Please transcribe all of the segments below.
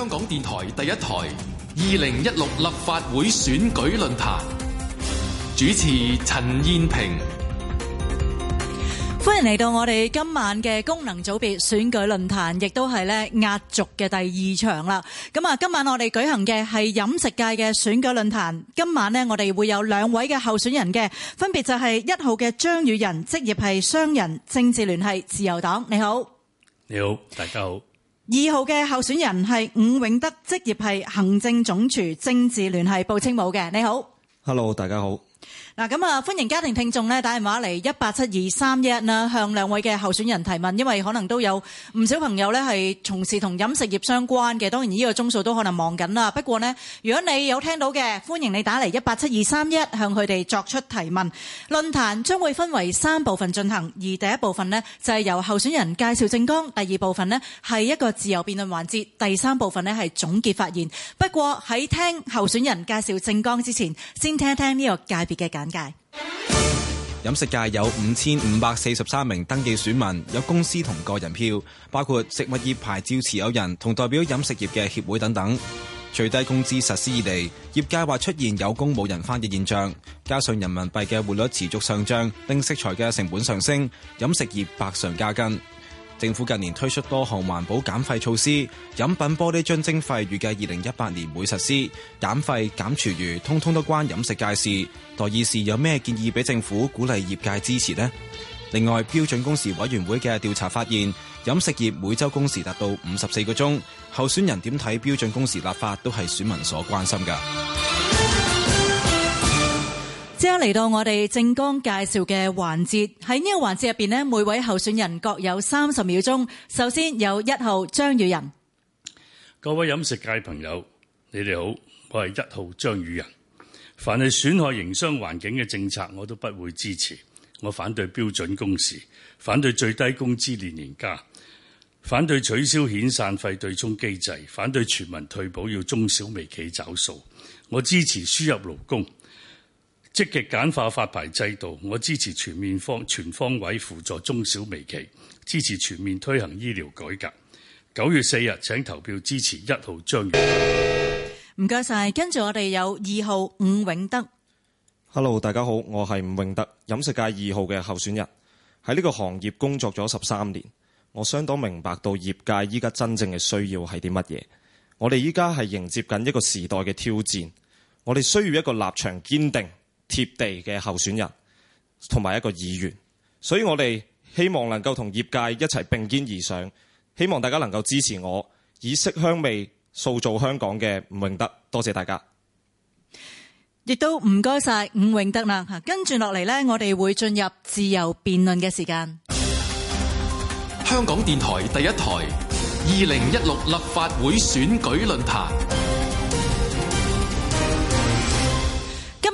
香港電台第一台，二零一六立法會選舉論壇主持陳燕萍，歡迎嚟到我哋今晚嘅功能組別選舉論壇，亦都係咧壓軸嘅第二場啦。咁啊，今晚我哋舉行嘅係飲食界嘅選舉論壇。今晚咧，我哋會有兩位嘅候選人嘅，分別就係一號嘅張宇人，職業係商人，政治聯繫自由黨。你好，你好，大家好。二號嘅候選人係伍永德，職業係行政總署，政治聯繫報青武嘅。你好，Hello，大家好。嗱，咁啊，歡迎家庭聽眾咧打電話嚟一八七二三一啦，向兩位嘅候選人提問，因為可能都有唔少朋友咧係從事同飲食業相關嘅，當然呢個鐘數都可能忙緊啦。不過呢，如果你有聽到嘅，歡迎你打嚟一八七二三一向佢哋作出提問。論壇將會分為三部分進行，而第一部分呢，就係由候選人介紹政綱，第二部分呢，係一個自由辯論環節，第三部分呢，係總結發言。不過喺聽候選人介紹政綱之前，先聽聽呢個界別嘅簡。界飲食界有五千五百四十三名登記選民，有公司同個人票，包括食物業牌照持有人同代表飲食業嘅協會等等。最低工資實施以嚟，業界話，出現有工冇人返嘅現象，加上人民幣嘅匯率持續上漲，令食材嘅成本上升，飲食業百上加斤。政府近年推出多項環保減費措施，飲品玻璃樽徵費預計二零一八年會實施，減費、減廚餘，通通都關飲食界事。代議士有咩建議俾政府鼓勵業界支持呢？另外，標準工時委員會嘅調查發現，飲食業每週工時達到五十四個鐘，候選人點睇標準工時立法都係選民所關心㗎。即刻嚟到我哋政綱介紹嘅環節，喺呢個環節入邊呢，每位候選人各有三十秒鐘。首先有一號張宇人。各位飲食界朋友，你哋好，我係一號張宇人。凡係損害營商環境嘅政策，我都不會支持。我反對標準工時，反對最低工資年年加，反對取消遣散費對沖機制，反對全民退保要中小微企找數。我支持輸入勞工。積極簡化發牌制度，我支持全面方全方位輔助中小微企，支持全面推行醫療改革。九月四日，請投票支持一號張宇人。唔該晒，跟住我哋有二號伍永德。Hello，大家好，我係伍永德，飲食界二號嘅候選人。喺呢個行業工作咗十三年，我相當明白到業界依家真正嘅需要係啲乜嘢。我哋依家係迎接緊一個時代嘅挑戰，我哋需要一個立場堅定。貼地嘅候選人同埋一個議員，所以我哋希望能夠同業界一齊並肩而上，希望大家能夠支持我，以色香味塑造香港嘅伍永德。多謝大家，亦都唔該晒伍永德啦。跟住落嚟呢，我哋會進入自由辯論嘅時間。香港電台第一台，二零一六立法會選舉論壇。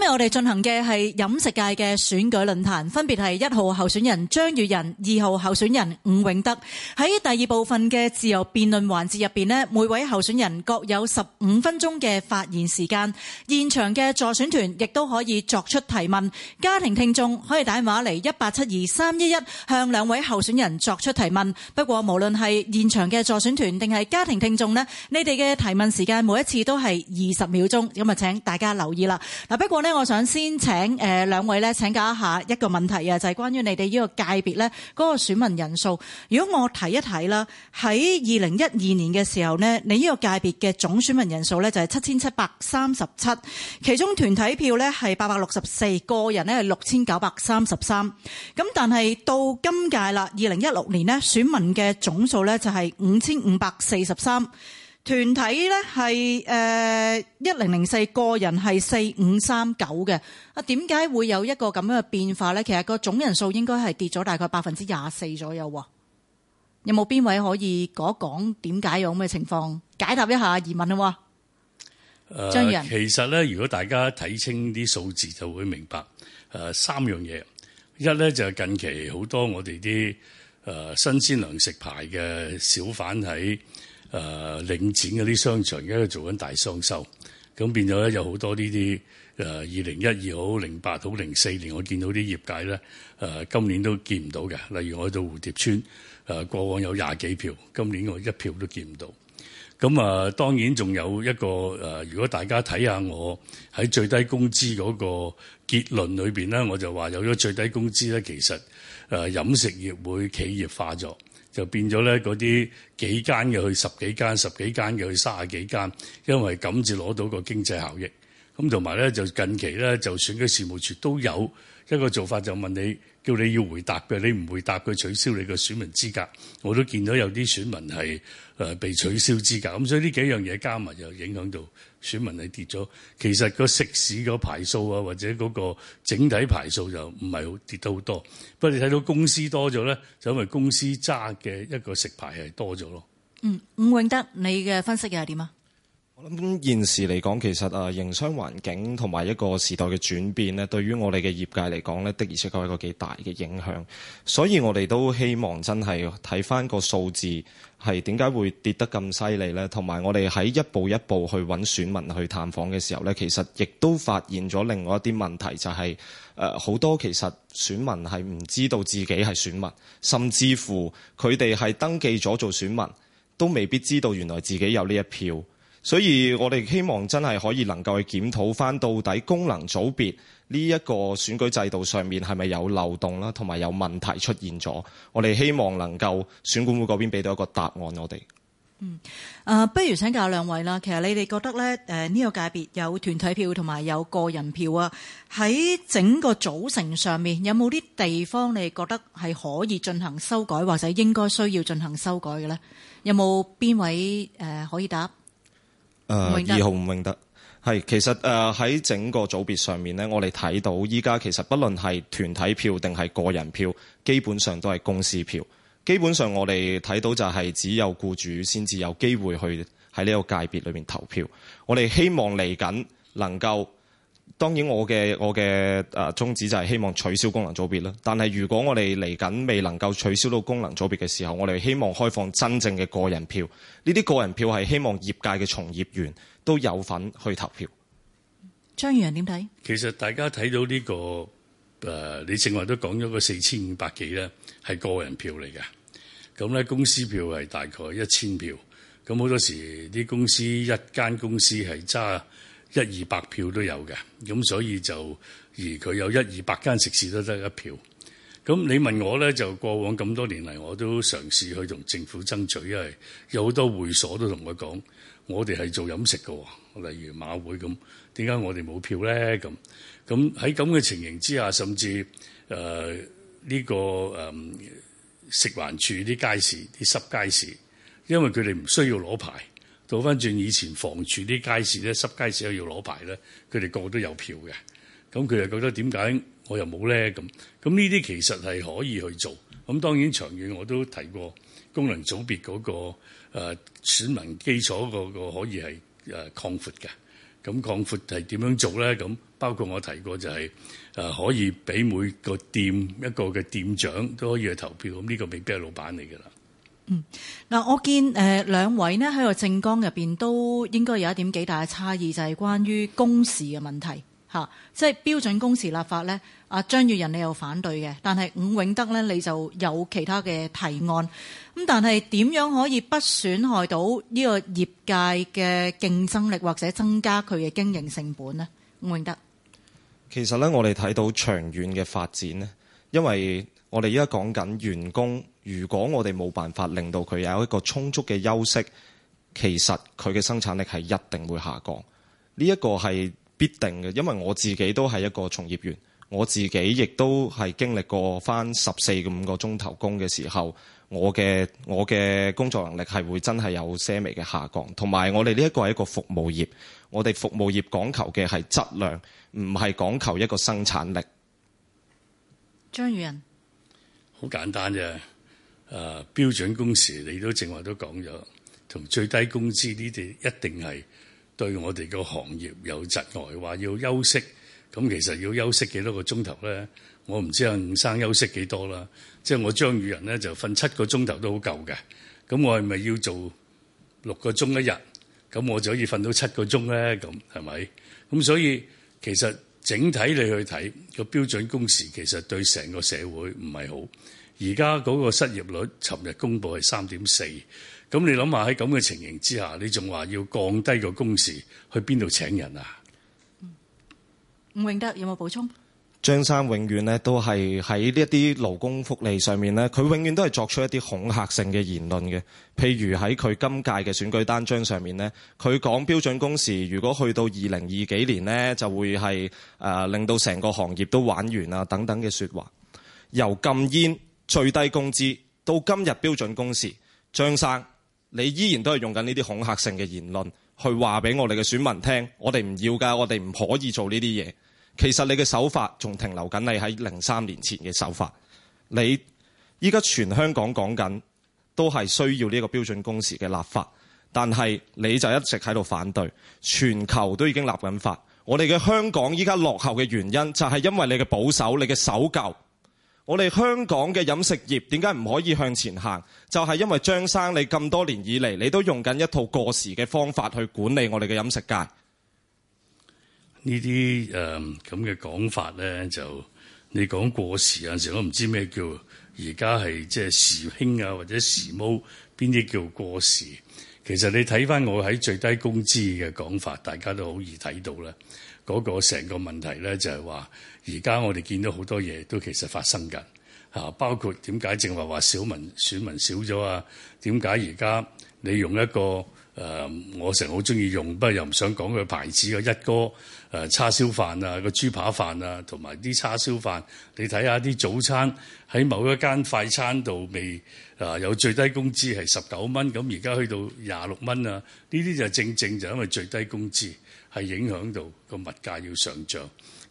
我哋進行嘅係飲食界嘅選舉論壇，分別係一號候選人張宇人，二號候選人伍永德。喺第二部分嘅自由辯論環節入邊呢，每位候選人各有十五分鐘嘅發言時間。現場嘅助選團亦都可以作出提問，家庭聽眾可以打電話嚟一八七二三一一，向兩位候選人作出提問。不過，無論係現場嘅助選團定係家庭聽眾呢，你哋嘅提問時間每一次都係二十秒鐘，咁啊，請大家留意啦。嗱，不過呢。我想先請誒兩位咧，請教一下一個問題啊，就係關於你哋呢個界別咧，嗰個選民人數。如果我睇一睇啦，喺二零一二年嘅時候呢，你呢個界別嘅總選民人數呢就係七千七百三十七，其中團體票呢係八百六十四，個人呢係六千九百三十三。咁但係到今屆啦，二零一六年呢，選民嘅總數呢就係五千五百四十三。團體咧係誒一零零四，個人係四五三九嘅。啊，點解會有一個咁樣嘅變化咧？其實個總人數應該係跌咗大概百分之廿四左右喎。有冇邊位可以講一講點解有咁嘅情況？解答一下疑問啦。呃、張宇人，其實咧，如果大家睇清啲數字就會明白誒、呃、三樣嘢。一咧就係、近期好多我哋啲誒新鮮糧食牌嘅小販喺。誒、呃、領展嗰啲商場，而家做緊大商收，咁變咗咧，有好多呢啲誒二零一二好、零八好、零四年，年，年，我見到啲業界咧誒、呃、今年都見唔到嘅。例如我去到蝴蝶邨，誒、呃、過往有廿幾票，今年我一票都見唔到。咁啊、呃，當然仲有一個誒、呃，如果大家睇下我喺最低工資嗰個結論裏面咧，我就話有咗最低工資咧，其實誒、呃、飲食業會企業化咗。就變咗咧，嗰啲幾間嘅去十幾間，十幾間嘅去三十幾間，因為咁至攞到個經濟效益。咁同埋咧，就近期咧，就選舉事務處都有一個做法，就問你叫你要回答嘅，你唔回答佢取消你嘅選民資格。我都見到有啲選民係誒被取消資格。咁所以呢幾樣嘢加埋又影響到。選民係跌咗，其實個食肆個牌數啊，或者嗰個整體牌數就唔係好跌得好多。不過你睇到公司多咗咧，就因為公司揸嘅一個食牌係多咗咯。嗯，伍永德，你嘅分析又係點啊？我諗現時嚟講，其實誒營商環境同埋一個時代嘅轉變咧，對於我哋嘅業界嚟講咧，的而且確係一個幾大嘅影響。所以，我哋都希望真係睇翻個數字係點解會跌得咁犀利咧。同埋，我哋喺一步一步去搵選民去探訪嘅時候咧，其實亦都發現咗另外一啲問題，就係誒好多其實選民係唔知道自己係選民，甚至乎佢哋係登記咗做選民，都未必知道原來自己有呢一票。所以我哋希望真係可以能夠去檢討翻，到底功能組別呢一個選舉制度上面係咪有漏洞啦，同埋有問題出現咗？我哋希望能夠選管會嗰邊俾到一個答案。我哋嗯，誒，不如請教兩位啦。其實你哋覺得咧，誒呢個界別有團體票同埋有個人票啊，喺整個組成上面有冇啲地方你覺得係可以進行修改，或者應該需要進行修改嘅咧？有冇邊位誒可以答？誒、呃、二號伍永德係，其實誒喺、呃、整個組別上面咧，我哋睇到依家其實，不論係團體票定係個人票，基本上都係公司票。基本上我哋睇到就係只有僱主先至有機會去喺呢個界別裏面投票。我哋希望嚟緊能夠。當然我的，我嘅我嘅誒宗旨就係希望取消功能組別啦。但係如果我哋嚟緊未能夠取消到功能組別嘅時候，我哋希望開放真正嘅個人票。呢啲個人票係希望業界嘅從業員都有份去投票。張宇人點睇？其實大家睇到呢、這個誒，你正話都講咗個四千五百幾咧，係個人票嚟嘅。咁咧公司票係大概一千票。咁好多時啲公司一間公司係揸，一二百票都有嘅，咁所以就而佢有一二百間食肆都得一票。咁你問我呢，就過往咁多年嚟，我都嘗試去同政府爭取，因為有好多會所都同我講，我哋係做飲食喎，例如馬會咁，點解我哋冇票呢？咁咁喺咁嘅情形之下，甚至誒呢、呃呢個誒、呃、食環署啲街市啲濕街市，因為佢哋唔需要攞牌。倒翻轉以前房署啲街市咧，濕街市又要攞牌咧，佢哋個個都有票嘅，咁佢又覺得點解我又冇咧？咁咁呢啲其實係可以去做，咁當然長遠我都提過功能組別嗰、那個誒、呃、選民基礎個個可以係誒、呃、擴闊嘅，咁擴闊係點樣做咧？咁包括我提過就係、是、誒、呃、可以俾每個店一個嘅店長都可以去投票，咁呢個未必係老闆嚟㗎啦。嗯，嗱，我見誒兩、呃、位咧喺個政綱入邊都應該有一點幾大嘅差異，就係、是、關於工時嘅問題吓、啊，即係標準工時立法呢，阿張宇人你有反對嘅，但係伍永德呢，你就有其他嘅提案，咁但係點樣可以不損害到呢個業界嘅競爭力，或者增加佢嘅經營成本呢？伍永德，其實呢，我哋睇到長遠嘅發展呢，因為我哋而家講緊員工。如果我哋冇辦法令到佢有一個充足嘅休息，其實佢嘅生產力係一定會下降。呢一個係必定嘅，因為我自己都係一個從業員，我自己亦都係經歷過返十四五個鐘頭工嘅時候，我嘅我嘅工作能力係會真係有些微嘅下降。同埋我哋呢一個係一個服務業，我哋服務業講求嘅係質量，唔係講求一個生產力。張宇人。好簡單啫。誒、啊、標準工時，你都正話都講咗，同最低工資呢啲一定係對我哋個行業有窒礙。話要休息，咁其實要休息幾多個鐘頭咧？我唔知阿吳生休息幾多啦。即、就、係、是、我張宇人咧就瞓七個鐘頭都好夠嘅。咁我係咪要做六個鐘一日？咁我就可以瞓到七個鐘咧？咁係咪？咁所以其實整體你去睇個標準工時，其實對成個社會唔係好。而家嗰個失業率昨，尋日公布係三點四，咁你諗下喺咁嘅情形之下，你仲話要降低個工時，去邊度請人啊？伍永德有冇補充？張生永遠咧都係喺呢一啲勞工福利上面咧，佢永遠都係作出一啲恐嚇性嘅言論嘅。譬如喺佢今屆嘅選舉單張上面咧，佢講標準工時如果去到二零二幾年咧，就會係誒、呃、令到成個行業都玩完啊等等嘅說話由禁煙。最低工資到今日標準工時，張生，你依然都係用緊呢啲恐嚇性嘅言論去話俾我哋嘅選民聽，我哋唔要㗎，我哋唔可以做呢啲嘢。其實你嘅手法仲停留緊你喺零三年前嘅手法。你依家全香港講緊都係需要呢個標準工時嘅立法，但係你就一直喺度反對。全球都已經立緊法，我哋嘅香港依家落後嘅原因就係因為你嘅保守，你嘅守舊。我哋香港嘅飲食業點解唔可以向前行？就係、是、因為張生你咁多年以嚟，你都用緊一套過時嘅方法去管理我哋嘅飲食界。呃、呢啲誒咁嘅講法咧，就你講過時，有陣時我唔知咩叫而家係即係時興啊，或者時髦邊啲叫過時。其實你睇翻我喺最低工資嘅講法，大家都好易睇到啦。嗰個成個問題咧，就係話而家我哋見到好多嘢都其實發生緊啊，包括點解正話話小民選民少咗啊？點解而家你用一個誒、呃，我成日好中意用，不過又唔想講佢牌子嘅一哥。誒叉燒飯啊，個豬扒飯啊，同埋啲叉燒飯，你睇下啲早餐喺某一間快餐度未？誒有最低工資係十九蚊，咁而家去到廿六蚊啊！呢啲就正正就因為最低工資係影響到個物價要上漲。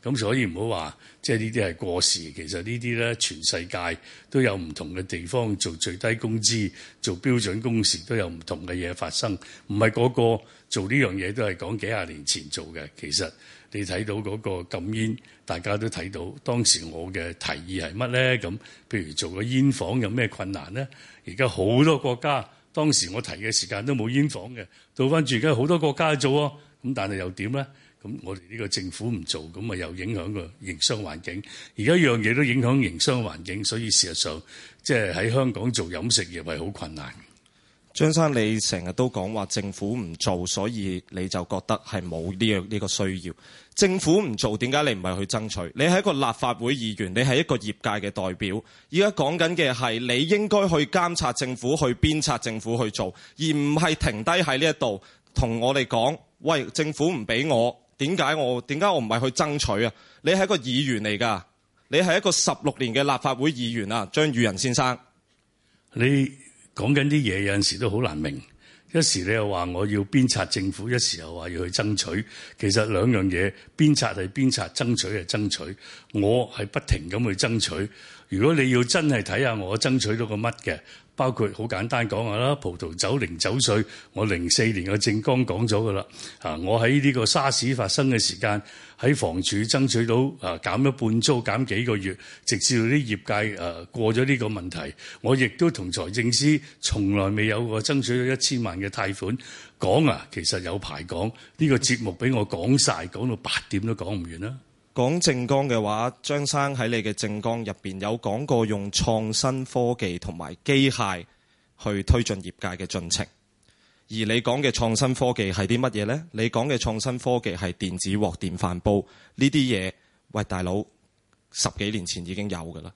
咁所以唔好話，即係呢啲係過時。其實呢啲咧，全世界都有唔同嘅地方做最低工資、做標準工時，都有唔同嘅嘢發生。唔係個個做呢樣嘢都係講幾廿年前做嘅。其實你睇到嗰個禁煙，大家都睇到當時我嘅提議係乜咧？咁譬如做個煙房有咩困難咧？而家好多國家當時我提嘅時間都冇煙房嘅，到翻住，而家好多國家做喎。咁但係又點咧？咁我哋呢個政府唔做，咁咪又影響個營商環境。而家樣嘢都影響營商環境，所以事實上，即係喺香港做飲食業係好困難。張生，你成日都講話政府唔做，所以你就覺得係冇呢樣呢個需要。政府唔做，點解你唔係去爭取？你係一個立法會議員，你係一個業界嘅代表。而家講緊嘅係，你應該去監察政府，去鞭策政府去做，而唔係停低喺呢一度同我哋講，喂，政府唔俾我。點解我點解我唔係去爭取啊？你係一個議員嚟噶，你係一個十六年嘅立法會議員啊，張宇人先生。你講緊啲嘢有陣時都好難明，一時你又話我要鞭策政府，一時又話要去爭取。其實兩樣嘢，鞭策係鞭策，爭取係爭取。我係不停咁去爭取。如果你要真係睇下我爭取到個乜嘅？包括好簡單講下啦，葡萄酒零酒稅，我零四年嘅政綱講咗噶啦。啊，我喺呢個沙士發生嘅時間喺房署爭取到啊減咗半租，減幾個月，直至到啲業界啊過咗呢個問題，我亦都同財政司從來未有過爭取咗一千萬嘅貸款講啊。其實有排講呢個節目俾我講晒，講到八點都講唔完啦。講政綱嘅話，張生喺你嘅政綱入面有講過用創新科技同埋機械去推進業界嘅進程。而你講嘅創新科技係啲乜嘢呢？你講嘅創新科技係電子鍋、電飯煲呢啲嘢。喂，大佬，十幾年前已經有㗎啦。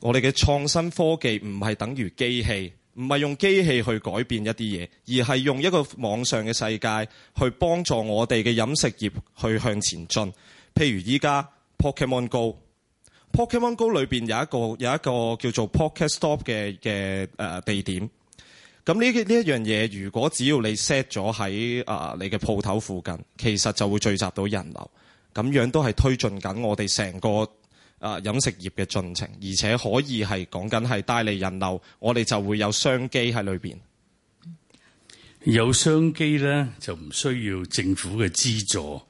我哋嘅創新科技唔係等於機器。唔係用機器去改變一啲嘢，而係用一個網上嘅世界去幫助我哋嘅飲食業去向前進。譬如依家 Pokemon Go，Pokemon Go 裏邊有一個有一個叫做 Pocket Stop 嘅嘅、呃、地點。咁呢呢一樣嘢，如果只要你 set 咗喺啊你嘅鋪頭附近，其實就會聚集到人流。咁樣都係推進緊我哋成個。啊！飲食業嘅進程，而且可以係講緊係帶嚟人流，我哋就會有商機喺裏面。有商機咧，就唔需要政府嘅資助，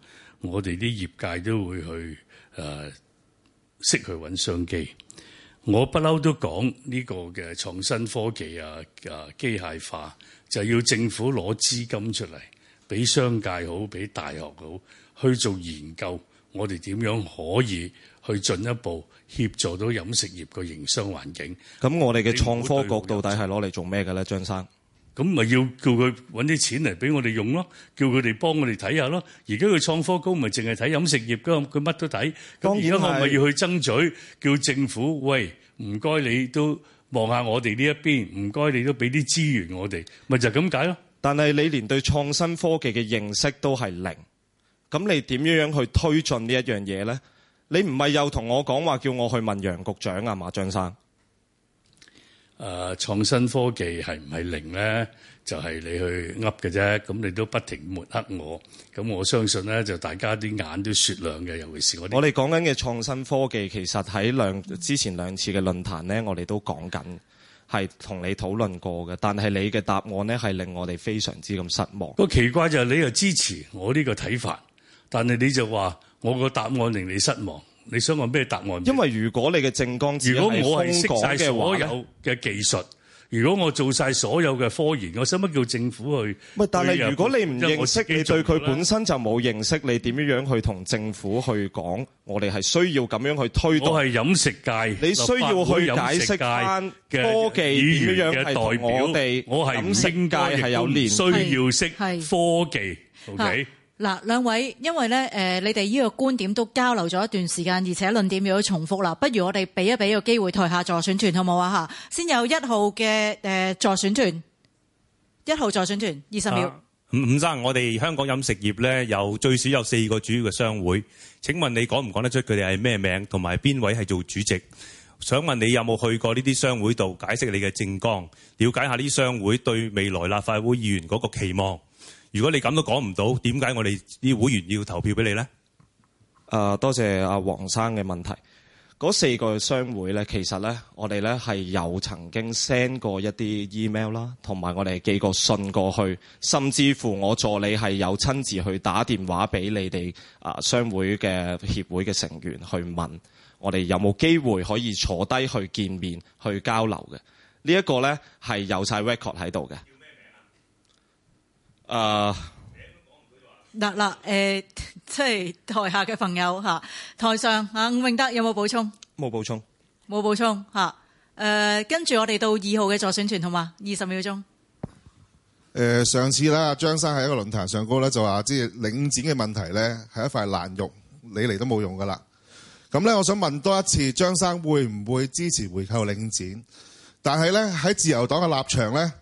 我哋啲業界都會去誒、啊、識去揾商機。我不嬲都講呢、呢個嘅創新科技啊啊機械化，就係、要政府攞資金出嚟，俾商界好，俾大學好去做研究，我哋點樣可以？去進一步協助到飲食業個營商環境。咁我哋嘅創科局到底係攞嚟做咩嘅咧？張生，咁咪要叫佢揾啲錢嚟俾我哋用咯，叫佢哋幫我哋睇下咯。而家佢創科局咪淨係睇飲食業嘅，佢乜都睇。當然啦，咁而家我咪要去爭取，叫政府喂，唔該，你都望下我哋呢一邊，唔該，你都俾啲資源我哋，咪就係咁解咯。但係你連對創新科技嘅認識都係零，咁你點樣樣去推進呢一樣嘢咧？你唔係又同我講話叫我去問楊局長啊，馬張生？誒，創新科技係唔係零咧？就係、是、你去噏嘅啫。咁你都不停抹黑我，咁我相信咧，就大家啲眼都雪亮嘅。尤其是我，我哋講緊嘅創新科技，其實喺兩之前兩次嘅論壇咧，我哋都講緊，係同你討論過嘅。但係你嘅答案咧，係令我哋非常之咁失望。個奇怪就係你又支持我呢個睇法，但係你就話。我個答案令你失望，你想問咩答案？因為如果你嘅政綱只係香港嘅所有嘅技術，如果我做曬所有嘅科研，我使乜叫政府去？唔係，但係如果你唔認識，你對佢本身就冇認識，你點樣樣去同政府去講？我哋係需要咁樣去推。我係飲食界，你需要去解釋翻科技點樣樣係同我哋。我係飲食界係有需要識科技。OK。嗱，兩位，因為咧，誒、呃，你哋呢個觀點都交流咗一段時間，而且論點有啲重複啦，不如我哋俾一俾個機會台下助選團好唔好啊？嚇，先有一號嘅誒、呃、助選團，一號助選團，二十秒。啊、伍伍生，我哋香港飲食業咧有最少有四個主要嘅商會。請問你講唔講得出佢哋係咩名，同埋邊位係做主席？想問你有冇去過呢啲商會度解釋你嘅政綱，了解下呢商會對未來立法會議員嗰個期望。如果你咁都講唔到，點解我哋啲會員要投票俾你呢？誒、呃，多謝阿黃生嘅問題。嗰四個商會呢，其實呢，我哋呢係有曾經 send 過一啲 email 啦，同埋我哋寄過信過去，甚至乎我助理係有親自去打電話俾你哋啊商會嘅協會嘅成員去問，我哋有冇機會可以坐低去見面去交流嘅？呢、這、一個呢，係有晒 record 喺度嘅。啊嗱嗱，誒、uh, 嗯嗯嗯，即係台下嘅朋友吓，台上啊，伍永德有冇補充？冇補充，冇補充吓。誒、嗯，跟、嗯、住我哋到二號嘅助選團，好嘛？二十秒鐘。誒，上次啦，張生喺一個論壇上高咧，就話即係領展嘅問題咧，係一塊爛肉，你嚟都冇用噶啦。咁咧，我想問多一次，張生會唔會支持回購領展？但係咧喺自由黨嘅立場咧，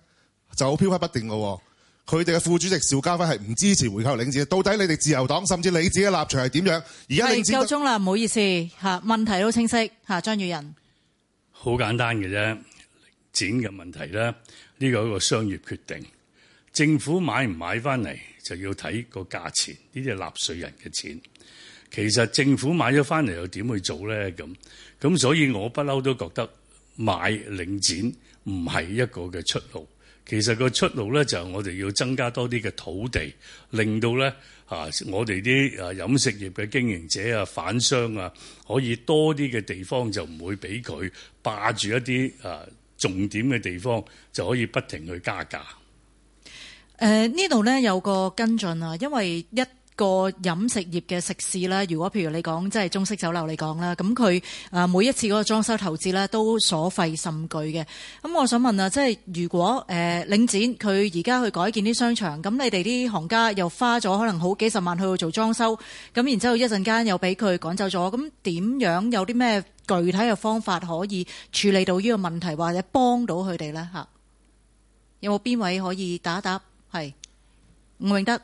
就好飄忽不定噶。佢哋嘅副主席邵家輝係唔支持回購領展，到底你哋自由黨甚至你自己嘅立場係點樣？而家係夠鐘啦，唔好意思吓，問題都清晰吓。張宇人好簡單嘅啫，領展嘅問題咧，呢個一個商業決定，政府買唔買翻嚟就要睇個價錢，呢啲係納稅人嘅錢。其實政府買咗翻嚟又點去做咧？咁咁所以我不嬲都覺得買領展唔係一個嘅出路。其實個出路咧就係我哋要增加多啲嘅土地，令到咧我哋啲飲食業嘅經營者啊、反商啊，可以多啲嘅地方，就唔會俾佢霸住一啲重點嘅地方，就可以不停去加價。誒呢度咧有個跟進啊，因為一個飲食業嘅食肆啦，如果譬如你講即係中式酒樓嚟講啦，咁佢誒每一次嗰個裝修投資咧都所費甚巨嘅。咁我想問啊，即係如果誒、呃、領展佢而家去改建啲商場，咁你哋啲行家又花咗可能好幾十萬去做裝修，咁然之後一陣間又俾佢趕走咗，咁點樣有啲咩具體嘅方法可以處理到呢個問題，或者幫到佢哋呢？有冇邊位可以打答？係伍永德。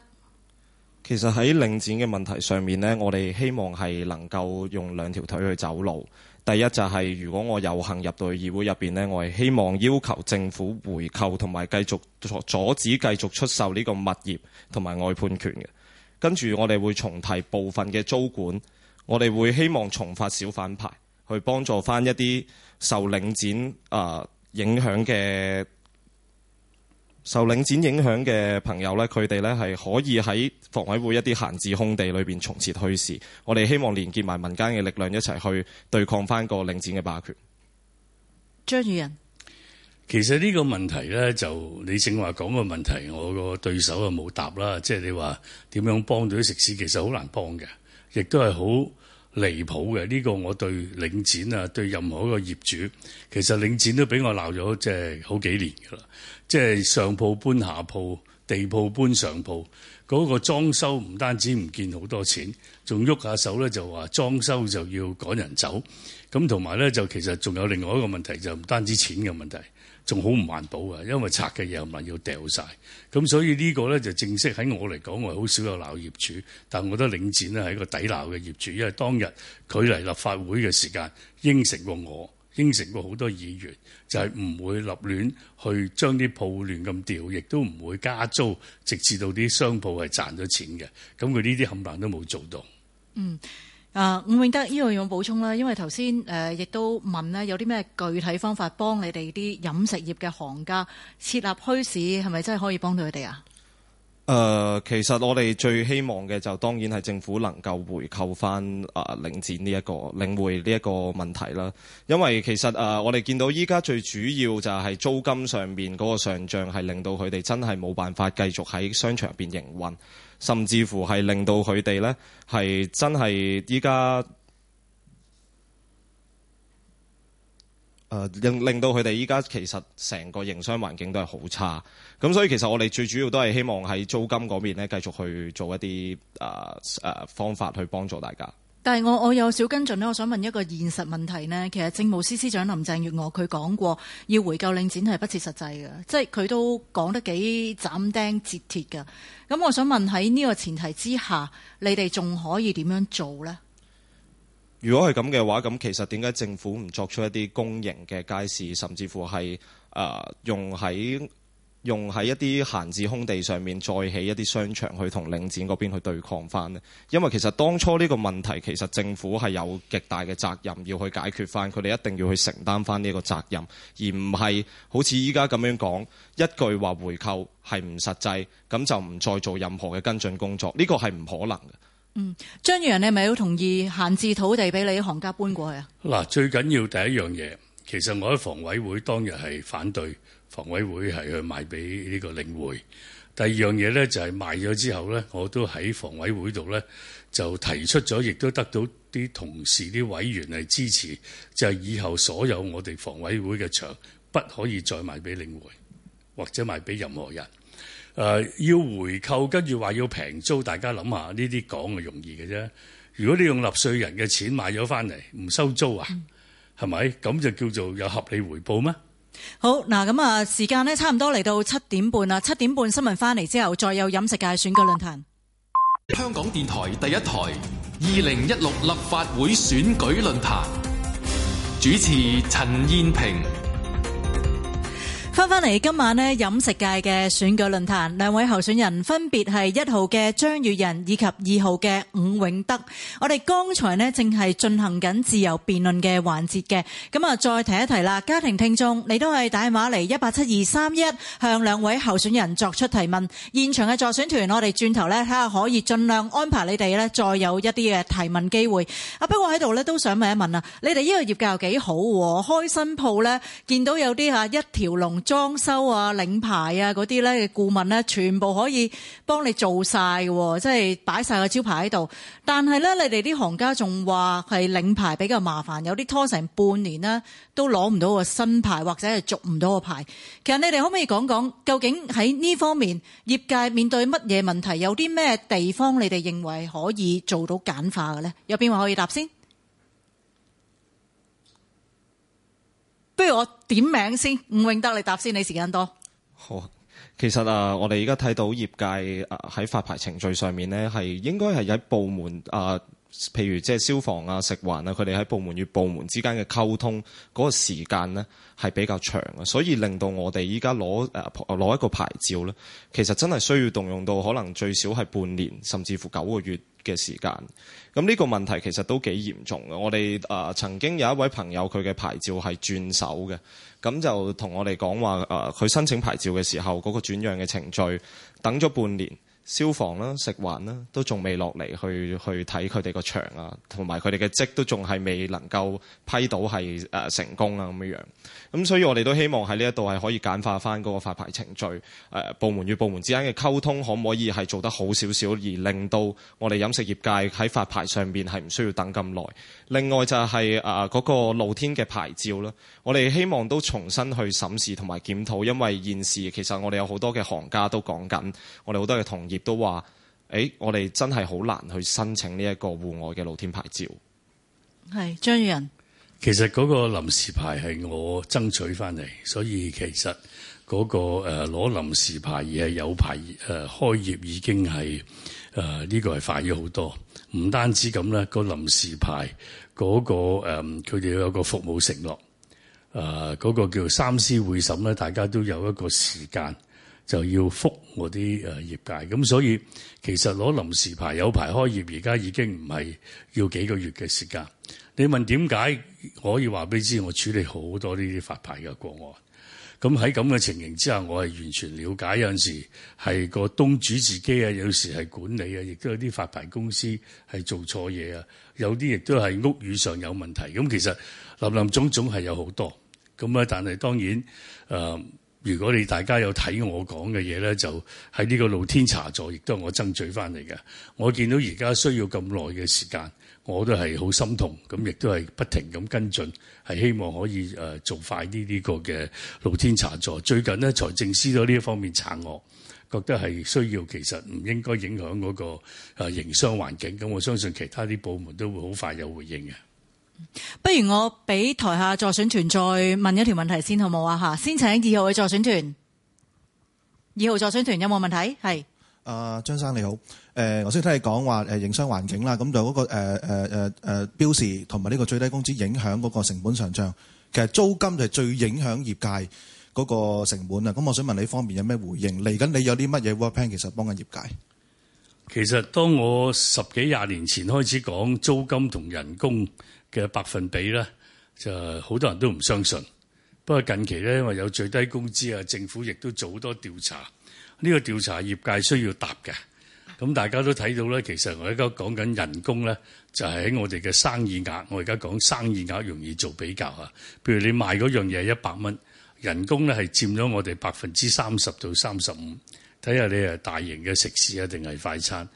其實喺領展嘅問題上面呢，我哋希望係能夠用兩條腿去走路。第一就係、是，如果我有幸入到議會入面呢，我係希望要求政府回購同埋繼續阻止繼續出售呢個物業同埋外判權嘅。跟住我哋會重提部分嘅租管，我哋會希望重發小販牌，去幫助返一啲受領展啊、呃、影響嘅。受領展影響嘅朋友呢，佢哋呢，係可以喺房委會一啲閒置空地裏邊重設墟市。我哋希望連結埋民間嘅力量一齊去對抗翻個領展嘅霸權。張宇人，其實呢個問題呢，就你正話講嘅問題，我個對手就冇答啦。即係你話點樣幫到啲食肆，其實好難幫嘅，亦都係好。離譜嘅呢、這個，我對領展啊，對任何一個業主，其實領展都俾我鬧咗即係好幾年㗎啦。即、就、係、是、上鋪搬下鋪，地鋪搬上鋪，嗰、那個裝修唔單止唔見好多錢，仲喐下手咧就話裝修就要趕人走。咁同埋咧就其實仲有另外一個問題，就唔單止錢嘅問題。仲好唔環保啊！因為拆嘅嘢又咪要掉晒。咁所以呢個呢，就正式喺我嚟講，我係好少有鬧業主，但我覺得領展呢係一個抵鬧嘅業主，因為當日佢嚟立法會嘅時間，應承過我，應承過好多議員，就係、係、唔會立亂去將啲鋪亂咁掉，亦都唔會加租，直至到啲商鋪係賺咗錢嘅。咁佢呢啲冚唪唥都冇做到。嗯。啊，伍永德，呢樣有冇補充咧？因為頭先誒，亦、呃、都問咧，有啲咩具體方法幫你哋啲飲食業嘅行家設立墟市，係咪真係可以幫到佢哋啊？誒、呃，其實我哋最希望嘅就當然係政府能夠回購翻啊、呃，領展呢、這、一個領匯呢一個問題啦。因為其實誒、呃，我哋見到依家最主要就係租金上面嗰個上漲，係令到佢哋真係冇辦法繼續喺商場入邊營運。甚至乎係令到佢哋咧係真係依家，誒、呃、令令到佢哋依家其實成個營商環境都係好差，咁所以其實我哋最主要都係希望喺租金嗰邊咧，繼續去做一啲誒誒方法去幫助大家。但係我我有少跟進呢。我想問一個現實問題呢，其實政務司司長林鄭月娥佢講過要回購領展係不切實際嘅，即係佢都講得幾斬釘截鐵㗎。咁我想問喺呢個前提之下，你哋仲可以點樣做呢？如果係咁嘅話，咁其實點解政府唔作出一啲公營嘅街市，甚至乎係誒、呃、用喺用喺一啲閒置空地上面，再起一啲商場去同領展嗰邊去對抗翻，因為其實當初呢個問題其實政府係有極大嘅責任要去解決翻，佢哋一定要去承擔翻呢個責任，而唔係好似依家咁樣講一句話回購係唔實際，咁就唔再做任何嘅跟進工作。呢個係唔可能嘅。嗯，張宇人，你咪好同意閒置土地俾你行家搬過去啊？嗱，最緊要第一樣嘢，其實我喺房委會當日係反對。房委會係去賣俾呢個領匯，第二樣嘢咧就係賣咗之後咧，我都喺房委會度咧就提出咗，亦都得到啲同事啲委員係支持，就係以後所有我哋房委會嘅場不可以再賣俾領匯，或者賣俾任何人。呃、要回購跟住話要平租，大家諗下呢啲講係容易嘅啫。如果你用納稅人嘅錢買咗翻嚟，唔收租啊，係咪咁就叫做有合理回報咩？好嗱，咁啊，時間咧差唔多嚟到七點半啦。七點半新聞翻嚟之後，再有飲食界選舉論壇。香港電台第一台二零一六立法會選舉論壇主持陳燕萍。翻翻嚟今晚咧，飲食界嘅選舉論壇，兩位候選人分別係一號嘅張宇人以及二號嘅伍永德。我哋剛才咧正係進行緊自由辯論嘅環節嘅，咁啊再提一提啦，家庭聽眾，你都係打電話嚟一八七二三一，向兩位候選人作出提問。現場嘅助選團，我哋轉頭咧睇下可以盡量安排你哋咧再有一啲嘅提問機會。啊，不過喺度咧都想問一問啊，你哋呢個業界又幾好喎？開新鋪咧，見到有啲吓一條龍。裝修啊、領牌啊嗰啲咧顧問咧、啊，全部可以幫你做晒嘅喎，即係擺晒個招牌喺度。但係咧，你哋啲行家仲話係領牌比較麻煩，有啲拖成半年啦、啊，都攞唔到個新牌，或者係續唔到個牌。其實你哋可唔可以講講，究竟喺呢方面業界面對乜嘢問題？有啲咩地方你哋認為可以做到簡化嘅咧？有邊位可以答先？不如我點名先，伍永德，你答先，你時間多。好，其實啊，我哋而家睇到業界啊，喺發牌程序上面咧，係應該係喺部門啊。呃譬如即係消防啊、食環啊，佢哋喺部門與部門之間嘅溝通嗰個時間呢係比較長嘅，所以令到我哋依家攞誒攞一個牌照呢，其實真係需要動用到可能最少係半年，甚至乎九個月嘅時間。咁呢個問題其實都幾嚴重嘅。我哋誒、呃、曾經有一位朋友，佢嘅牌照係轉手嘅，咁就同我哋講話誒，佢、呃、申請牌照嘅時候嗰、嗰個轉讓嘅程序等咗半年。消防啦、啊、食環啦、啊，都仲未落嚟去去睇佢哋個場啊，同埋佢哋嘅則都仲係未能夠批到係、呃、成功啊咁樣。咁、嗯、所以我哋都希望喺呢一度係可以簡化翻嗰個發牌程序。誒、呃、部門與部門之間嘅溝通可唔可以係做得好少少，而令到我哋飲食業界喺發牌上面係唔需要等咁耐。另外就係誒嗰個露天嘅牌照啦，我哋希望都重新去審視同埋檢討，因為現時其實我哋有好多嘅行家都講緊，我哋好多嘅同。亦都話，誒、欸，我哋真係好難去申請呢一個戶外嘅露天牌照。係張宇人，其實嗰個臨時牌係我爭取翻嚟，所以其實嗰、那個攞、呃、臨時牌而係有牌誒、呃、開業已經係誒呢個係快咗好多。唔單止咁咧，個臨時牌嗰、那個佢哋、呃、有一個服務承諾，誒、呃、嗰、那個叫三思會審咧，大家都有一個時間。就要覆我啲誒業界，咁所以其實攞臨時牌有牌開業，而家已經唔係要幾個月嘅時間。你問點解？可以話俾你知，我處理好多呢啲發牌嘅個案。咁喺咁嘅情形之下，我係完全了解有陣時係個東主自己啊，有時係管理啊，亦都有啲發牌公司係做錯嘢啊。有啲亦都係屋宇上有問題。咁其實林林總總係有好多。咁啊，但係當然誒。呃如果你大家有睇我講嘅嘢咧，就喺呢個露天茶座，亦都係我爭取翻嚟嘅。我見到而家需要咁耐嘅時間，我都係好心痛，咁亦都係不停咁跟進，係希望可以誒做快啲呢個嘅露天茶座。最近呢財政司都呢一方面撐我，覺得係需要，其實唔應該影響嗰個誒營商環境。咁我相信其他啲部門都會好快有回應嘅。不如我俾台下助選團再問一條問題先，好冇啊？吓，先請二號嘅助選團。二號助選團有冇問題？係阿張生你好，誒、呃，我先聽你講話。誒、呃，營商環境啦，咁就嗰、那個誒誒誒誒標示，同埋呢個最低工資影響嗰個成本上漲。其實租金就係最影響業界嗰個成本啊。咁我想問你呢方面有咩回應嚟緊你有啲乜嘢 workplan 其實幫緊業界。其實當我十幾廿年前開始講租金同人工。嘅百分比咧，就好多人都唔相信。不過近期咧，因為有最低工資啊，政府亦都做好多調查。呢個調查業界需要答嘅。咁大家都睇到咧，其實我而家講緊人工咧，就係喺我哋嘅生意額。我而家講生意額容易做比較啊。譬如你賣嗰樣嘢一百蚊，人工咧係佔咗我哋百分之三十到三十五。睇下你係大型嘅食肆啊，定係快餐。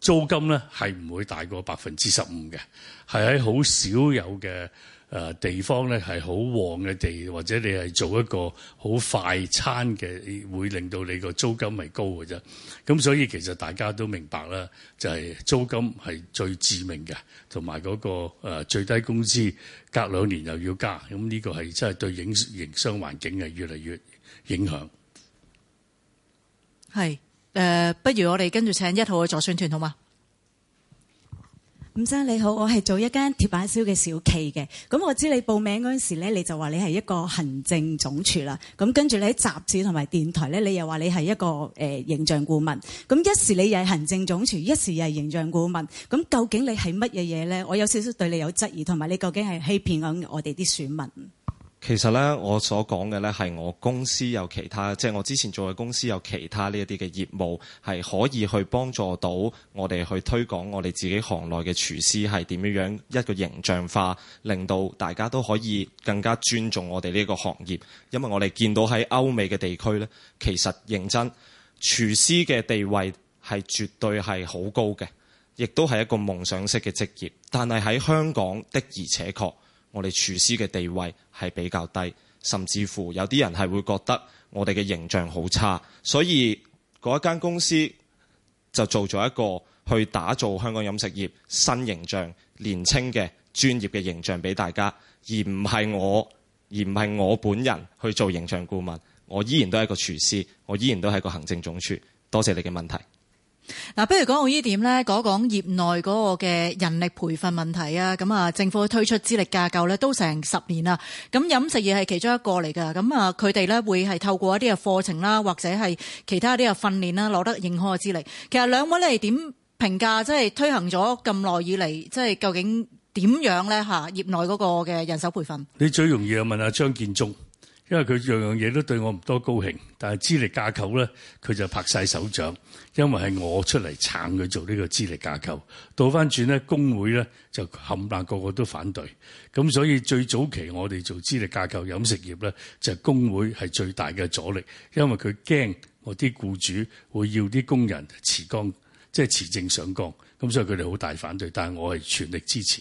租金咧係唔會大過百分之十五嘅，係喺好少有嘅，誒地方咧係好旺嘅地，或者你係做一個好快餐嘅，會令到你個租金係高嘅啫。咁所以其實大家都明白啦，就係、是、租金係最致命嘅，同埋嗰個最低工資隔兩年又要加，咁呢個係真係對影營商環境係越嚟越影響。係。誒，uh, 不如我哋跟住請一號嘅助選團好嗎？伍生你好，我係做一間鐵板燒嘅小企嘅。咁我知你報名嗰陣時咧，你就話你係一個行政總廚啦。咁跟住你喺雜誌同埋電台咧，你又話你係一個、呃、形象顧問。咁一時你又係行政總廚，一時又係形象顧問。咁究竟你係乜嘢嘢咧？我有少少對你有質疑，同埋你究竟係欺騙緊我哋啲選民？其實咧，我所講嘅咧係我公司有其他，即係我之前做嘅公司有其他呢一啲嘅業務，係可以去幫助到我哋去推廣我哋自己行內嘅廚師係點樣一個形象化，令到大家都可以更加尊重我哋呢個行業。因為我哋見到喺歐美嘅地區呢，其實認真廚師嘅地位係絕對係好高嘅，亦都係一個夢想式嘅職業。但係喺香港的而且確，我哋廚師嘅地位係比較低，甚至乎有啲人係會覺得我哋嘅形象好差，所以嗰一間公司就做咗一個去打造香港飲食業新形象、年青嘅專業嘅形象俾大家，而唔係我，而唔係我本人去做形象顧問，我依然都係個廚師，我依然都係個行政總廚。多謝你嘅問題。嗱，不如講到呢點咧，講講業內嗰個嘅人力培訓問題啊。咁啊，政府推出資歷架構咧都成十年啦。咁飲食業係其中一個嚟㗎。咁啊，佢哋咧會係透過一啲嘅課程啦，或者係其他一啲嘅訓練啦，攞得認可嘅資歷。其實兩位咧點評價，即係推行咗咁耐以嚟，即係究竟點樣咧吓？業內嗰個嘅人手培訓，你最容易又問下張建宗。因為佢樣樣嘢都對我唔多高興，但係資力架構咧，佢就拍晒手掌，因為係我出嚟撐佢做呢個資力架構。倒翻轉咧，工會咧就冚唪唥個個都反對，咁所以最早期我哋做資力架構飲食業咧，就是，工會係最大嘅阻力，因為佢驚我啲僱主會要啲工人辭工，即係辭證上崗。咁所以佢哋好大反對。但係我係全力支持。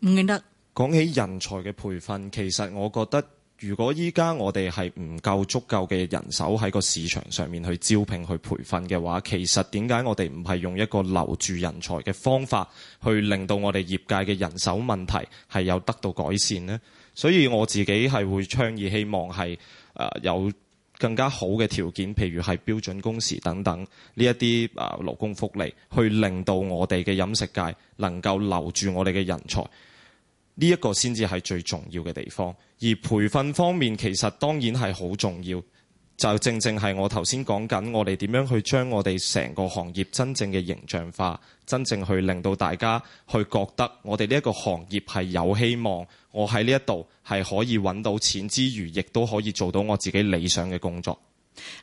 唔記得講起人才嘅培訓，其實我覺得。如果依家我哋係唔夠足夠嘅人手喺個市場上面去招聘、去培訓嘅話，其實點解我哋唔係用一個留住人才嘅方法去令到我哋業界嘅人手問題係有得到改善咧？所以我自己係會倡議希望係誒、呃、有更加好嘅條件，譬如係標準工時等等呢一啲誒勞工福利，去令到我哋嘅飲食界能夠留住我哋嘅人才。呢一個先至係最重要嘅地方，而培訓方面其實當然係好重要，就正正係我頭先講緊，我哋點樣去將我哋成個行業真正嘅形象化，真正去令到大家去覺得我哋呢一個行業係有希望，我喺呢一度係可以揾到錢之餘，亦都可以做到我自己理想嘅工作。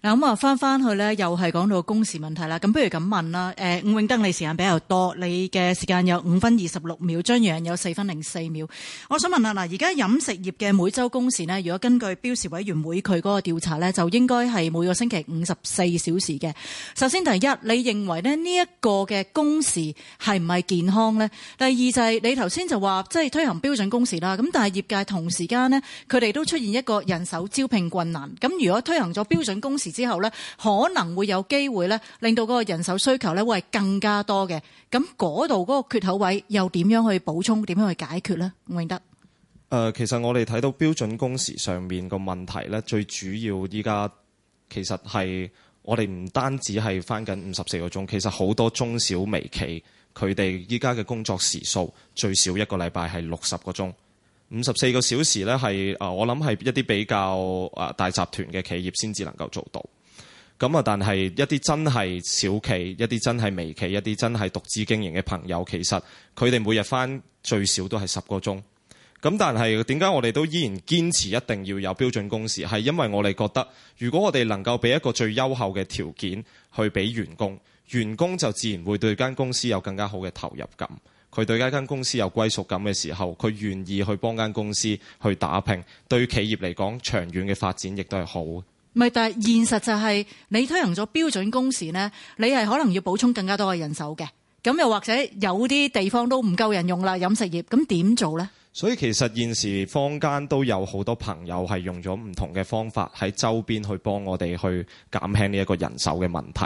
嗱咁啊，翻翻去咧，又係講到工時問題啦。咁不如咁問啦，誒、呃，伍永德，你時間比較多，你嘅時間有五分二十六秒，張宇人有四分零四秒。我想問下，嗱，而家飲食業嘅每周工時呢，如果根據標示委員會佢嗰個調查呢，就應該係每個星期五十四小時嘅。首先第一，你認為呢呢一個嘅工時係唔係健康呢？第二就係、是、你頭先就話即係推行標準工時啦。咁但係業界同時間呢，佢哋都出現一個人手招聘困難。咁如果推行咗標準工，工時之後咧，可能會有機會咧，令到嗰個人手需求咧，會係更加多嘅。咁嗰度嗰個缺口位又點樣去補充？點樣去解決咧？永德，誒、呃，其實我哋睇到標準工時上面個問題咧，最主要依家其實係我哋唔單止係翻緊五十四個鐘，其實好多中小微企佢哋依家嘅工作時數最少一個禮拜係六十個鐘。五十四個小時呢，係啊，我諗係一啲比較啊大集團嘅企業先至能夠做到。咁啊，但係一啲真係小企、一啲真係微企、一啲真係獨資經營嘅朋友，其實佢哋每日翻最少都係十個鐘。咁但係點解我哋都依然堅持一定要有標準工時？係因為我哋覺得，如果我哋能夠俾一個最優厚嘅條件去俾員工，員工就自然會對間公司有更加好嘅投入感。佢對嗰間公司有歸屬感嘅時候，佢願意去幫間公司去打拼，對企業嚟講長遠嘅發展亦都係好。唔係，但係現實就係、是、你推行咗標準工時呢，你係可能要補充更加多嘅人手嘅。咁又或者有啲地方都唔夠人用啦，飲食業咁點做呢？所以其實現時坊間都有好多朋友係用咗唔同嘅方法喺周邊去幫我哋去減輕呢一個人手嘅問題。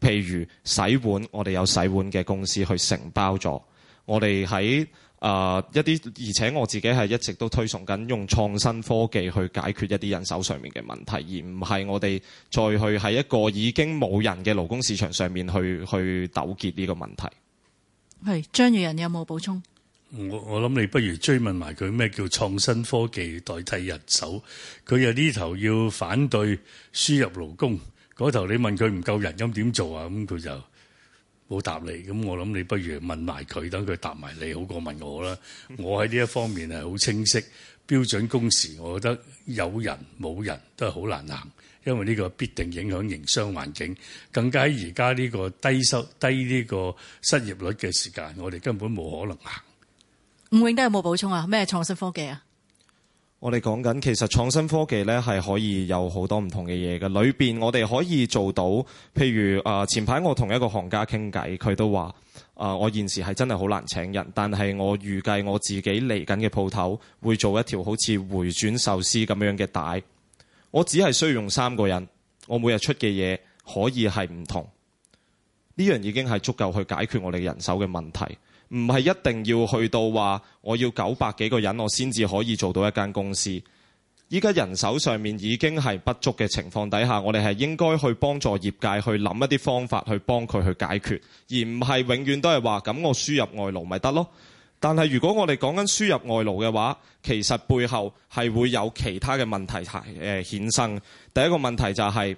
譬如洗碗，我哋有洗碗嘅公司去承包咗。我哋喺啊一啲，而且我自己係一直都推崇緊用創新科技去解決一啲人手上面嘅問題，而唔係我哋再去喺一個已經冇人嘅勞工市場上面去去糾結呢個問題。係，張宇人，你有冇補充？我我諗你不如追問埋佢咩叫創新科技代替人手？佢有呢頭要反對輸入勞工，嗰頭，你問佢唔夠人咁點做啊？咁佢就。冇答你，咁我諗你不如問埋佢，等佢答埋你好過問我啦。我喺呢一方面係好清晰標準工時，我覺得有人冇人都係好難行，因為呢個必定影響營商環境，更加喺而家呢個低失低呢個失業率嘅時間，我哋根本冇可能行。伍永德有冇補充啊？咩創新科技啊？我哋講緊其實創新科技呢係可以有好多唔同嘅嘢嘅，裏面我哋可以做到，譬如誒、呃、前排我同一個行家傾偈，佢都話誒、呃、我現時係真係好難請人，但係我預計我自己嚟緊嘅鋪頭會做一條好似回轉壽司咁樣嘅帶，我只係需要用三個人，我每日出嘅嘢可以係唔同。呢樣已經係足夠去解決我哋人手嘅問題，唔係一定要去到話我要九百幾個人我先至可以做到一間公司。依家人手上面已經係不足嘅情況底下，我哋係應該去幫助業界去諗一啲方法去幫佢去解決，而唔係永遠都係話咁我輸入外勞咪得咯。但係如果我哋講緊輸入外勞嘅話，其實背後係會有其他嘅問題誒衍生。第一個問題就係，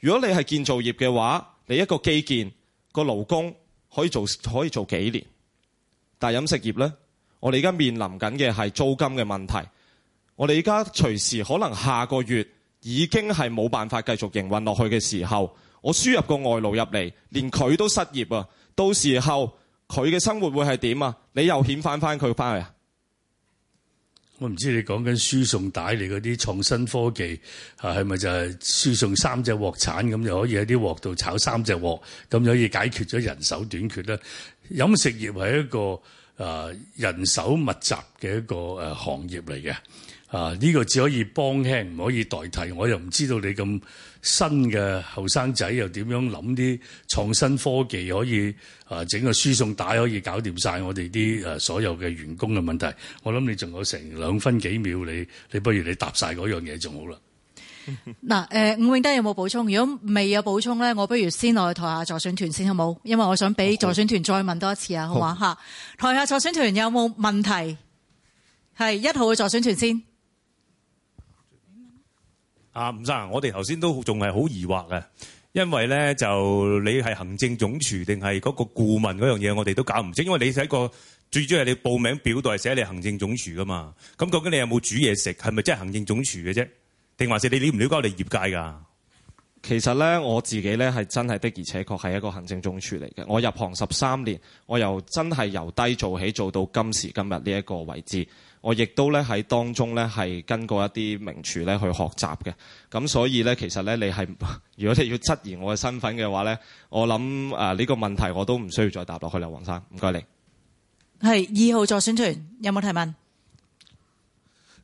如果你係建造業嘅話，你一個基建。個勞工可以做可以做幾年，但係飲食業呢，我哋而家面臨緊嘅係租金嘅問題。我哋而家隨時可能下個月已經係冇辦法繼續營運落去嘅時候，我輸入個外勞入嚟，連佢都失業啊！到時候佢嘅生活會係點啊？你又遣返返佢返去啊？我唔知你講緊輸送帶嚟嗰啲創新科技，嚇係咪就係輸送三隻鑊鏟咁，就可以喺啲鑊度炒三隻鑊，咁就可以解決咗人手短缺咧？飲食業係一個誒、呃、人手密集嘅一個、呃、行業嚟嘅。啊！呢、這個只可以幫輕，唔可以代替。我又唔知道你咁新嘅後生仔又點樣諗啲創新科技可以啊整個輸送帶可以搞掂晒我哋啲誒所有嘅員工嘅問題。我諗你仲有成兩分幾秒，你你不如你答晒嗰樣嘢仲好啦。嗱、嗯，誒、呃、伍永德有冇補充？如果未有補充咧，我不如先落去台下助選團先好冇？因為我想俾助選團再問多一次啊，好嘛嚇？好台下助選團有冇問題？係一號嘅助選團先。啊，吳生，我哋頭先都仲係好疑惑嘅，因為咧就你係行政總廚定係嗰個顧問嗰樣嘢，我哋都搞唔清，因為你寫個最主要係你報名表度係寫你行政總廚噶嘛，咁究竟你有冇煮嘢食？係咪真係行政總廚嘅啫？定還是你了唔瞭解我哋業界噶？其實咧，我自己咧係真係的，的而且確係一個行政總廚嚟嘅，我入行十三年，我由真係由低做起做到今時今日呢一個位置。我亦都咧喺當中咧，係跟過一啲名廚咧去學習嘅。咁所以咧，其實咧，你係如果你要質疑我嘅身份嘅話咧，我諗啊呢個問題我都唔需要再答落去啦，黃生唔該你係二號助選團有冇提問？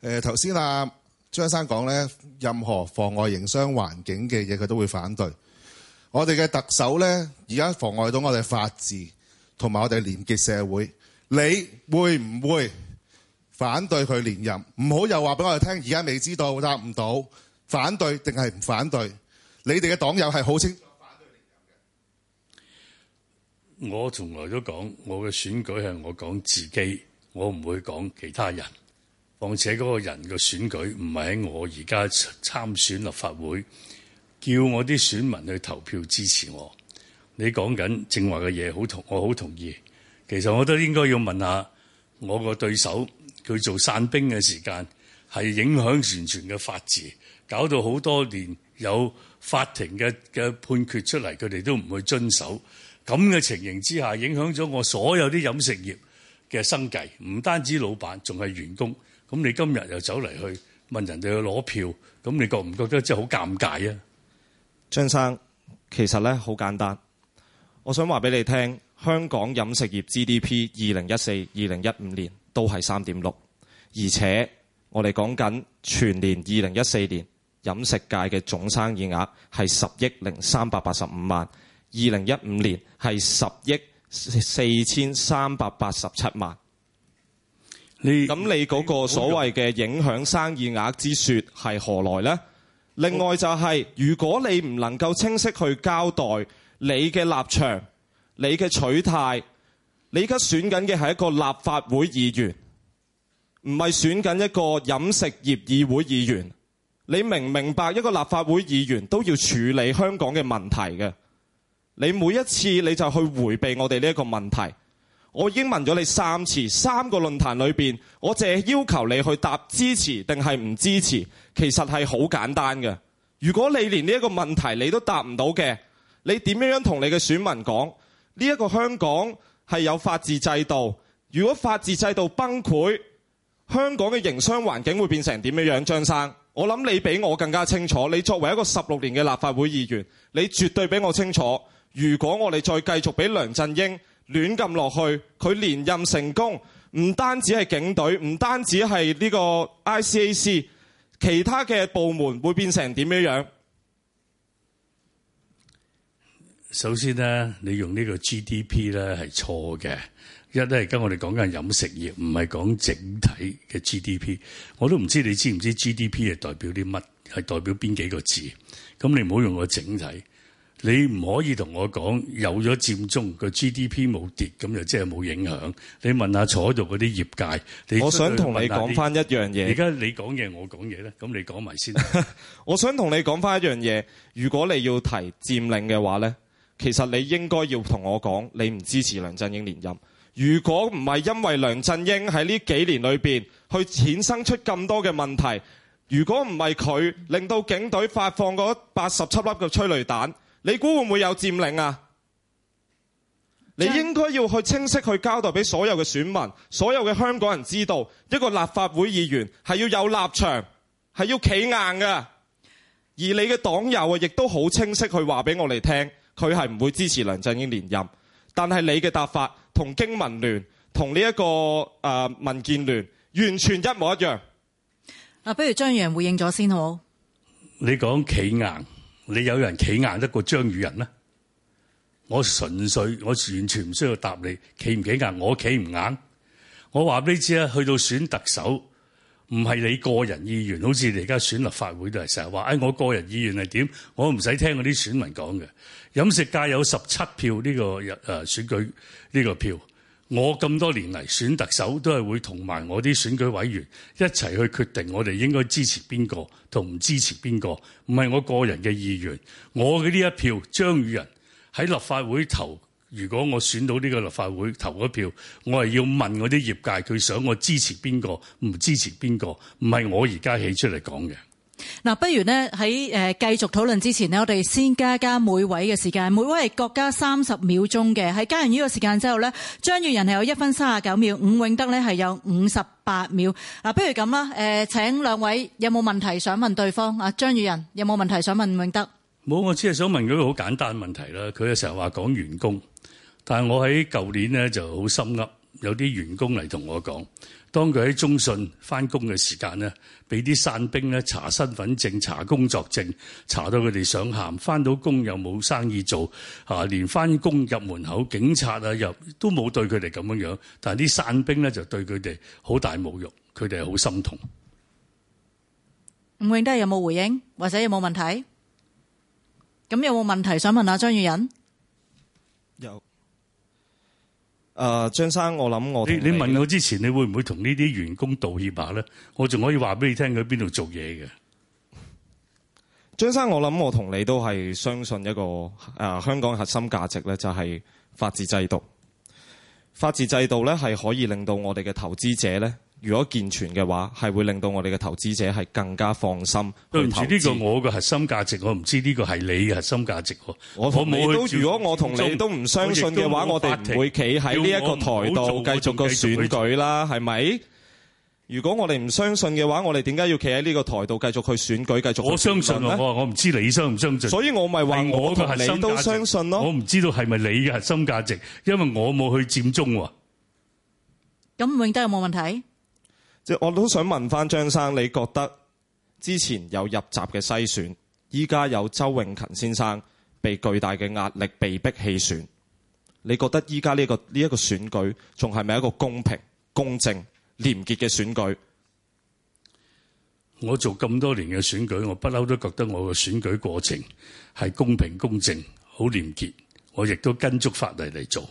誒頭先啊，張生講咧，任何妨礙營商環境嘅嘢，佢都會反對。我哋嘅特首咧，而家妨礙到我哋法治同埋我哋廉潔社會，你會唔會？反對佢連任，唔好又話俾我哋聽，而家未知道答唔到，反對定係唔反對？你哋嘅黨友係好清，我從來都講，我嘅選舉係我講自己，我唔會講其他人。況且嗰個人嘅選舉唔係喺我而家參選立法會叫我啲選民去投票支持我。你講緊正話嘅嘢，好同我好同意。其實我都應該要問下我個對手。佢做散兵嘅時間，係影響完全嘅法治，搞到好多年有法庭嘅嘅判決出嚟，佢哋都唔去遵守，咁嘅情形之下，影響咗我所有啲飲食業嘅生計，唔單止老闆仲係員工。咁你今日又走嚟去問人哋去攞票，咁你覺唔覺得真係好尷尬啊？張生其實咧好簡單，我想話俾你聽香港飲食業 GDP 二零一四二零一五年。都係三點六，而且我哋講緊全年二零一四年飲食界嘅總生意額係十億零三百八十五萬，二零一五年係十億四千三百八十七萬。咁你嗰個所謂嘅影響生意額之說係何來呢？另外就係如果你唔能夠清晰去交代你嘅立場、你嘅取態。你而家選緊嘅係一個立法會議員，唔係選緊一個飲食業議會議員。你明唔明白一個立法會議員都要處理香港嘅問題嘅？你每一次你就去迴避我哋呢一個問題。我已經問咗你三次，三個論壇裏面，我淨係要求你去答支持定係唔支持，其實係好簡單嘅。如果你連呢一個問題你都答唔到嘅，你點樣同你嘅選民講呢一個香港？係有法治制度，如果法治制度崩潰，香港嘅營商環境會變成點樣樣？張生，我諗你比我更加清楚。你作為一個十六年嘅立法會議員，你絕對比我清楚。如果我哋再繼續俾梁振英亂撳落去，佢連任成功，唔單止係警隊，唔單止係呢個 ICAC，其他嘅部門會變成點樣樣？首先咧，你用呢個 GDP 咧係錯嘅。一咧，而家我哋講緊飲食業，唔係講整體嘅 GDP。我都唔知你知唔知 GDP 係代表啲乜，係代表邊幾個字。咁你唔好用個整體。你唔可以同我講有咗佔中個 GDP 冇跌，咁就即係冇影響。你問下坐喺度嗰啲業界，你我想同你，你講翻一樣嘢。而家你講嘢，我講嘢咧，咁你講埋先。 我想同你講翻一樣嘢，如果你要提佔領嘅話咧。其實你應該要同我講，你唔支持梁振英連任。如果唔係因為梁振英喺呢幾年裏邊去衍生出咁多嘅問題，如果唔係佢令到警隊發放嗰八十七粒嘅催淚彈，你估會唔會有佔領啊？就是、你應該要去清晰去交代俾所有嘅選民、所有嘅香港人知道，一個立法會議員係要有立場，係要企硬㗎。而你嘅黨友啊，亦都好清晰去話俾我哋聽。佢係唔會支持梁振英連任，但係你嘅答法同經民聯同呢一個誒、呃、民建聯完全一模一樣。嗱、啊，不如張宇人回應咗先好。你講企硬，你有人企硬得過張宇人咧？我純粹我完全唔需要答你企唔企硬，我企唔硬。我話俾你知啦，去到選特首唔係你個人意願，好似你而家選立法會都係成日話誒，我個人意願係點？我唔使聽我啲選民講嘅。飲食界有十七票，呢個誒、啊、選舉呢個票，我咁多年嚟選特首都係會同埋我啲選舉委員一齊去決定我哋應該支持邊個同唔支持邊個，唔係我個人嘅意願。我嘅呢一票張宇人喺立法會投，如果我選到呢個立法會投嘅票，我係要問我啲業界佢想我支持邊個，唔支持邊個，唔係我而家起出嚟講嘅。嗱，不如咧喺誒繼續討論之前咧，我哋先加加每位嘅時間，每位係各加三十秒鐘嘅。喺加完呢個時間之後咧，張宇人係有一分三十九秒，伍永德咧係有五十八秒。嗱，不如咁啦，誒，請兩位有冇問題想問對方啊？張宇人有冇問題想問伍永德？冇，我只係想問佢一個好簡單嘅問題啦。佢成日話講員工，但係我喺舊年咧就好心噏，有啲員工嚟同我講。當佢喺中信翻工嘅時間呢，俾啲散兵咧查身份證、查工作證，查到佢哋想喊，翻到工又冇生意做，嚇連翻工入門口警察啊入都冇對佢哋咁樣樣，但係啲散兵咧就對佢哋好大侮辱，佢哋好心痛。伍永德有冇回應，或者有冇問題？咁有冇問題想問下張宇人？誒、呃，張生，我諗我你你，你問我之前，你會唔會同呢啲員工道歉下咧？我仲可以話俾你聽佢喺邊度做嘢嘅張生，我諗我同你都係相信一個誒、呃、香港核心價值咧，就係、是法治制度。法治制度咧，係可以令到我哋嘅投資者咧，如果健全嘅話，係會令到我哋嘅投資者係更加放心去投資。呢個我嘅核心價值，我唔知呢個係你嘅核心價值。我同你都如果我同你都唔相信嘅話，我哋唔會企喺呢一個台度繼續個選舉啦，係咪？如果我哋唔相信嘅話，我哋點解要企喺呢個台度繼續去選舉？繼續去選舉我相信啊，我我唔知你相唔相信。所以我咪話我同你都相信咯啊。我唔知道係咪你嘅核心價值，因為我冇去佔中啊。咁永德有冇問題？即我都想問翻張生，你覺得之前有入閘嘅篩選，依家有周永勤先生被巨大嘅壓力被迫棄選，你覺得依家呢個呢一個選舉仲係咪一個公平、公正、廉潔嘅選，選舉？我做咁多年嘅選舉，我不嬲都覺得我嘅選舉過程係公平、公正、好廉潔，我亦都跟足法例嚟做。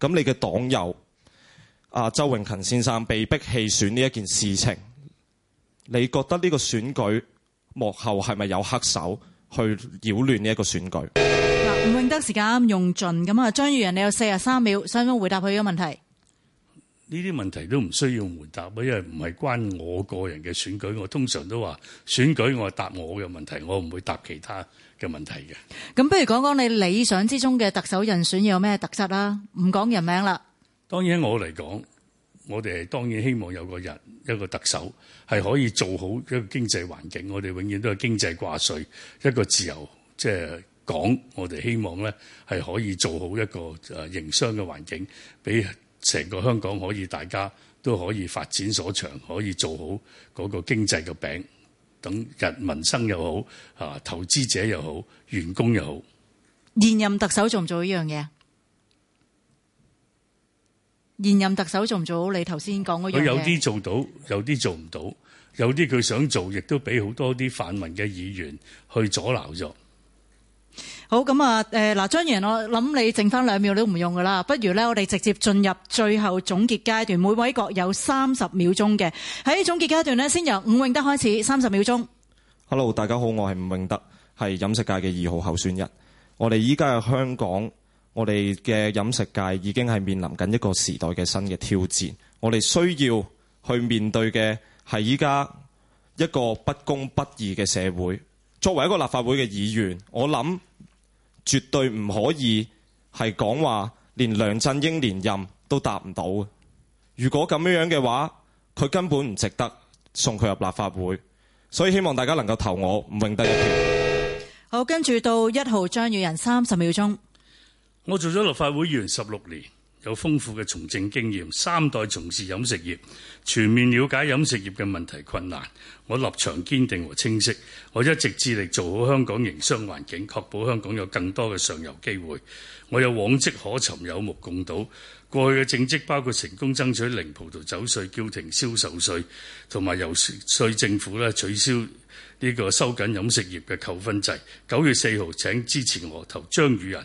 咁你嘅黨友？阿、啊、周永勤先生被逼棄選呢一件事情，你覺得呢個選舉幕後係咪有黑手去擾亂呢一個選舉？嗱，伍永德時間用盡咁啊，張宇人你有四十三秒，想唔想回答佢嘅問題？呢啲問題都唔需要回答，因為唔係關我個人嘅選舉。我通常都話選舉我係答我嘅問題，我唔會答其他嘅問題嘅。咁不如講講你理想之中嘅特首人選有咩特質啦、啊？唔講人名啦。.當然我嚟講，我哋當當然希望有個人一個特首係可以做好一個經濟環境。我哋永遠都係經濟掛帥一個自由即係、就是、港。我哋希望呢係可以做好一個誒、啊、營商嘅環境，俾成個香港可以大家都可以發展所長，可以做好嗰個經濟嘅餅，等人民生又好啊，投資者又好，員工又好。現任特首做唔做呢樣嘢？現任特首做唔做好你頭先講嗰樣嘢？佢有啲做到，有啲做唔到，有啲佢想做，亦都俾好多啲泛民嘅議員去阻撓咗。好，咁啊，誒嗱，張然，我諗你剩翻兩秒你都唔用噶啦，不如咧，我哋直接進入最後總結階段，每位各有三十秒鐘嘅。喺總結階段咧，先由伍永德開始，三十秒鐘。Hello，大家好，我係伍永德，係飲食界嘅二號候選人。我哋依家係香港。我哋嘅飲食界已經係面臨緊一個時代嘅新嘅挑戰。我哋需要去面對嘅係依家一個不公不義嘅社會。作為一個立法會嘅議員，我諗絕對唔可以係講話連梁振英連任都答唔到。如果咁樣嘅話，佢根本唔值得送佢入立法會。所以希望大家能夠投我伍永德一票。好，跟住到一號張宇人三十秒鐘。我做咗立法會議員十六年，有豐富嘅從政經驗，三代從事飲食業，全面了解飲食業嘅問題困難。我立場堅定和清晰，我一直致力做好香港營商環境，確保香港有更多嘅上游機會。我有往績可尋，有目共睹。過去嘅政績包括成功爭取零葡萄酒稅、叫停銷售稅，同埋由稅政府咧取消呢個收緊飲食業嘅扣分制。九月四號，請支持我投張宇人。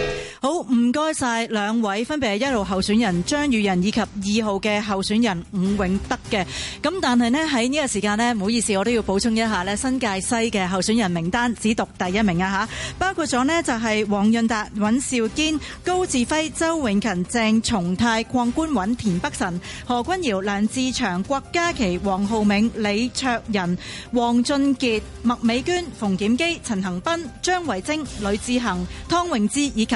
好，唔該晒兩位，分別係一號候選人張宇人以及二號嘅候選人伍永德嘅。咁但係咧，喺呢個時間咧，唔好意思，我都要補充一下咧，新界西嘅候選人名單只讀第一名啊吓，包括咗咧就係黃潤達、尹兆堅、高志輝、周永勤、鄭松泰、鄺官允、田北辰、何君堯、梁志祥、郭家麒、黃浩銘、李卓人、黃俊傑、麥美娟、馮檢基、陳恒斌、張維貞、呂智恒、湯永志以及。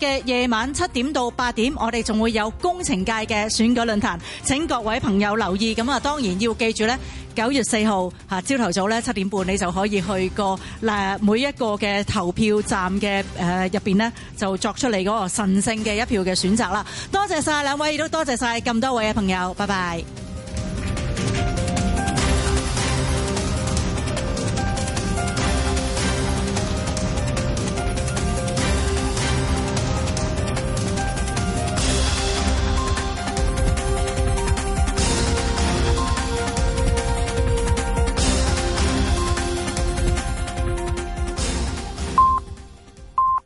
嘅夜晚七點到八點，我哋仲會有工程界嘅選舉論壇，請各位朋友留意。咁啊，當然要記住呢九月四號嚇朝頭早呢七點半，你就可以去個嗱每一個嘅投票站嘅誒入邊呢，就作出你嗰個神聖嘅一票嘅選擇啦。多謝晒兩位，亦都多謝晒咁多位嘅朋友，拜拜。